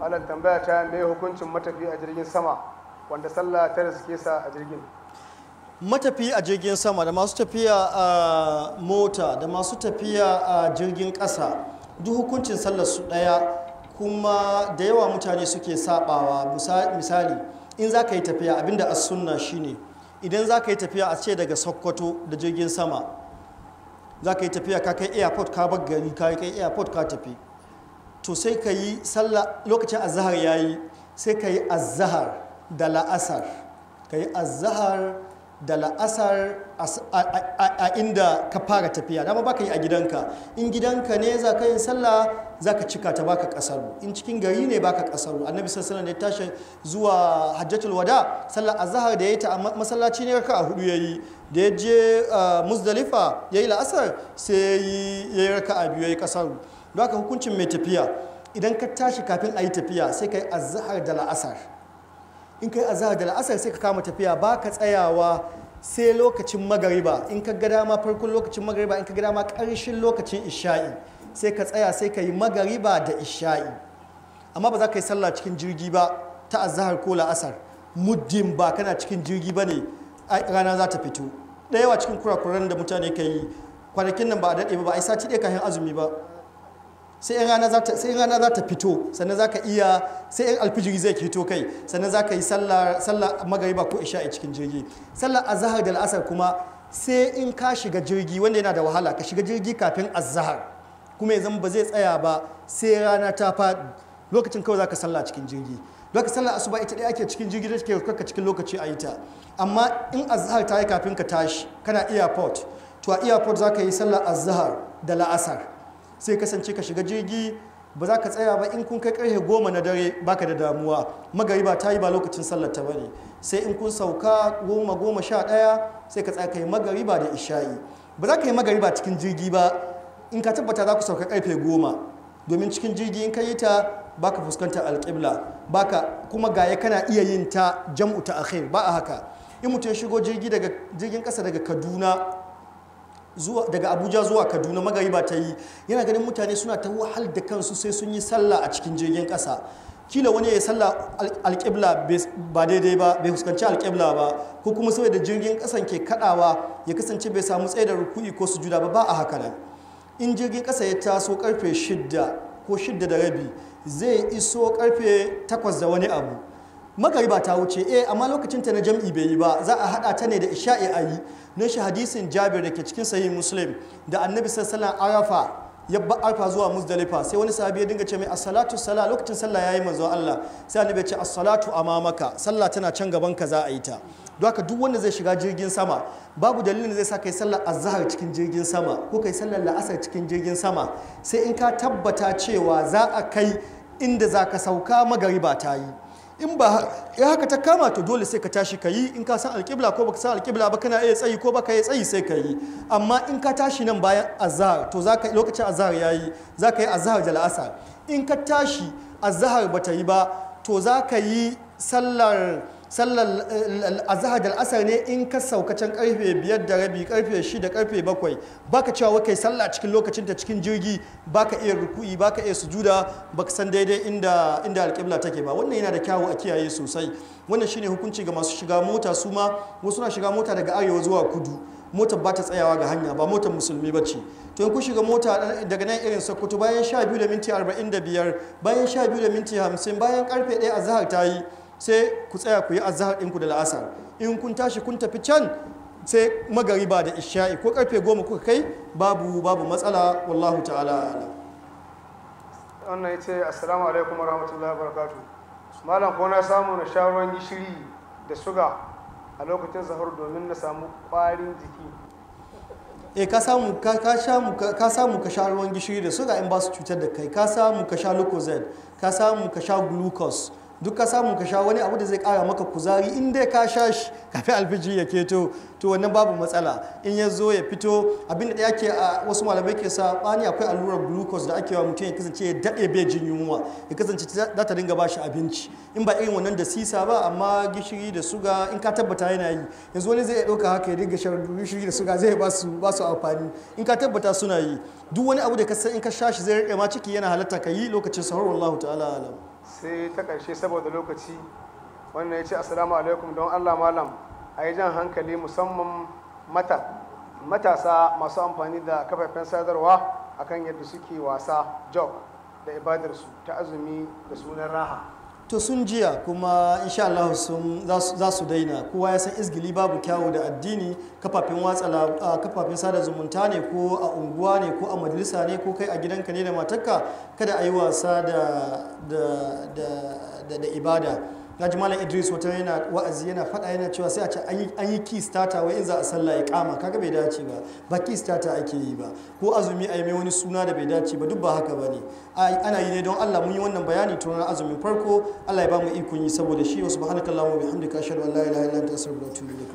malam tambaya ta mai hukuncin matafi a jirgin sama wanda sallah ta riske sa a jirgin matafi a jirgin sama da masu tafiya a mota da masu tafiya a jirgin ƙasa duk hukuncin sallar su ɗaya kuma da yawa mutane suke sabawa misali in za ka yi tafiya abinda as sunna shine idan za ka yi tafiya a ce daga sokoto da jirgin sama za ka yi tafiya ka kai airport ka bar gari ka kai airport ka tafi to sai ka yi sallah lokacin azahar ya yi sai ka yi azahar da la'asar ka yi azahar da la'asar a inda ka fara tafiya dama ka yi a gidanka in gidanka ne za ka yi sallah za ka cika ta baka kasar in cikin gari ne baka kasar annabi sallallahu alaihi wasallam ya tashi zuwa hajjatul wada sallar azhar da yayi ta masallaci ne raka'a hudu yayi da ya je eh, muzdalifa yayi la'asar sai yayi raka'a biyu yayi kasar don haka hukuncin mai tafiya idan ka tashi kafin a yi tafiya sai ka yi azahar da la'asar in ka yi azahar da la'asar sai ka kama tafiya ba ka tsayawa sai lokacin magariba in ka ga dama farkon lokacin magariba in ka ga dama karshen lokacin isha'i sai ka tsaya sai ka yi magariba da isha'i amma ba za ka yi sallah cikin jirgi ba ta azahar ko la'asar muddin ba kana cikin jirgi ba ne rana za ta fito ɗaya cikin kurakuran da mutane ka yi kwanakin nan ba a daɗe ba ba a yi sati ɗaya kafin azumi ba sai in rana za ta sai rana za ta fito sannan za ka iya sai in alfijiri zai fito kai sannan za ka yi sallah sallah magariba ko isha'i cikin jirgi sallah azhar da al'asar kuma sai in ka shiga jirgi wanda yana da wahala ka shiga jirgi kafin azhar kuma yanzu ba zai tsaya ba sai rana ta fa lokacin kawai za ka sallah cikin jirgi lokacin sallah asuba ita dai ake cikin jirgi da take ka cikin lokaci a ita. amma in azhar ta yi kafin ka tashi kana airport to a airport za ka yi sallah azhar da la'asar sai kasance ka shiga jirgi ba za ka tsaya ba in kun kai karfe goma na dare baka da damuwa magariba ta yi ba lokacin sallar ta bane sai in kun sauka goma goma sha ɗaya sai ka tsaya ka yi magariba da isha'i ba za ka yi magariba cikin jirgi ba in ka tabbata za ku sauka karfe goma domin cikin jirgi in ka yi ta baka fuskantar alƙibla baka kuma gaya kana iya yin ta jam'u ta akhir ba a haka in mutum ya shigo jirgi jirgin ƙasa daga kaduna daga abuja zuwa kaduna magari ba ta yi yana ganin mutane suna ta wahal da kansu sai sun yi sallah a cikin jirgin kasa kila wani ya sallah alƙibla ba daidai ba bai fuskanci alƙibla ba ko kuma da jirgin kasan ke kaɗawa ya kasance bai samu tsaye da rukuni ko sujuda ba ba a haka nan in jirgin kasa ya taso karfe shidda ko shidda da rabi zai iso karfe takwas da wani abu magariba ta wuce eh amma lokacin ta na jam'i bai yi ba za a hada ta ne da isha'i a yi na shi hadisin jabir da ke cikin sahih muslim da annabi sallallahu arafa ya ba arfa zuwa muzdalifa sai wani sahabi ya dinga ce mai as-salatu sala lokacin sallah yayi manzo Allah sai annabi ya ce as-salatu amamaka sallah tana can gaban ka za a yi ta don duk wanda zai shiga jirgin sama babu dalilin da zai sa kai sallar azhar cikin jirgin sama ko kai sallar la'asar cikin jirgin sama sai in ka tabbata cewa za a kai inda za ka sauka magariba ta yi in ba ya haka ta kama to dole sai ka tashi ka yi in ka san alƙibla ko baka san alƙibla ba kana iya tsayi ko baka iya tsayi sai ka yi amma in ka tashi nan bayan azhar to ka lokacin azhar za ka yi azhar da la'asar in ka tashi azhar ta yi ba to za ka yi sallar sallar eh, eh, zahar da asar ne in ka saukacin karfe 5 da rabi karfe 6 da karfe 7 baka cewa wakai sallah cikin lokacin ta cikin jirgi baka iya ruku'i baka iya sujuda baka san daidai inda inda alƙibla take ba wannan yana da kyawu a kiyaye sosai wannan shine hukunci ga masu shiga mota su ma wasu na shiga mota daga arewa zuwa kudu mota ba ta tsayawa ga hanya ba motar musulmi ba ce to in ku shiga mota eh, daga nan irin sokoto bayan 12.45 da minti bayan 12.50 da minti bayan karfe 1 zahar ta yi sai ku tsaya ku yi azahar ɗinku da la'asar in kun tashi kun tafi can sai magariba da isha'i ko karfe goma kuka kai babu babu matsala wallahu ta'ala ala wannan ya ce assalamu alaikum warahmatullahi wabarakatuh malam ko na samu na sha ruwan gishiri da suga a lokacin zahar domin na samu kwarin jiki e ka samu ka samu ka sha ruwan gishiri da suga in ba su cutar da kai ka samu ka sha lucozade ka samu ka sha glucose duk ka samu ka sha wani abu da zai kara maka kuzari in dai ka sha shi kafin alfijir ya keto to wannan babu matsala in ya zo ya fito abinda da yake a wasu malamai ke sa sabani akwai allurar glucose da ake wa mutum ya kasance ya daɗe bai jin yunwa ya kasance za ta dinga bashi abinci in ba irin wannan da sisa ba amma gishiri da suga in ka tabbata yana yi yanzu wani zai ɗauka haka ya dinga shan gishiri da suga zai ba su amfani in ka tabbata suna yi duk wani abu da ka san in ka sha shi zai rike ma ciki yana halatta ka yi lokacin sahur wallahu ta'ala alam sai ta ƙarshe saboda lokaci wannan ya ce assalamu alaikum don allah malam a yi jan hankali musamman mata matasa masu amfani da kafafen sadarwa akan yadda suke wasa jog da ibadarsu ta azumi da sunan raha to sun jiya kuma insha Allah za su daina kowa ya san izgili babu kyawu da addini kafafen watsa kafafen sada zumunta ne ko a unguwa ne ko a majalisa ne ko kai a gidanka ne da matakka kada a yi wasa da ibada najimala idris wata yana wa'azi yana faɗa yana cewa sai a ce an yi ki starter wai in za a sallah ya kama kaga bai dace ba ba ki starter ake yi ba ko azumi a yi mai wani suna da bai dace ba duk ba haka ba ne ana yi ne don allah mun yi wannan bayani tun azumin farko allah ya ba mu ikon yi saboda shi wasu subhanakallahumma wa bihamdika bai an la ilaha da anta astaghfiruka da atubu